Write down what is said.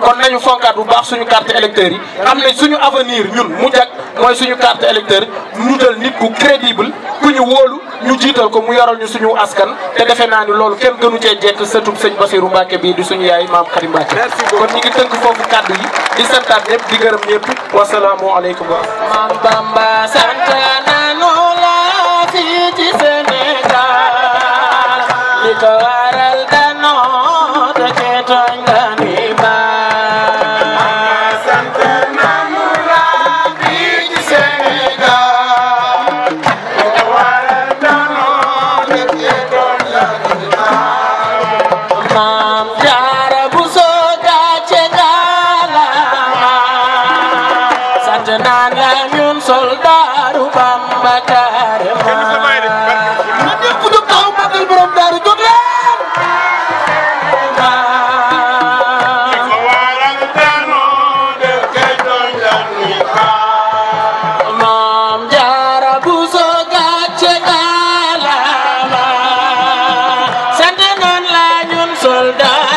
kon nañu fonkaat bu baax suñu carte électeur yi xam ne suñu avenir ñun mu jag mooy suñu carte électeur ñu jël nit ku crédible ku ñu wóolu ñu jiital ko mu yoral ñu suñu askan te defe naa ni loolu kenn gënu cee jekk sëtub sëñ Basirou Mbacke bii di suñu yaay maam Khady Mbacke kon ñu ngi tënk foofu kàddu yi di santaat ñëpp di gërëm ñëpp wasalaamu aleykum wa bamba sant soldaru Bamba Karema ñëpp ñu taxaw màggal borom aldaa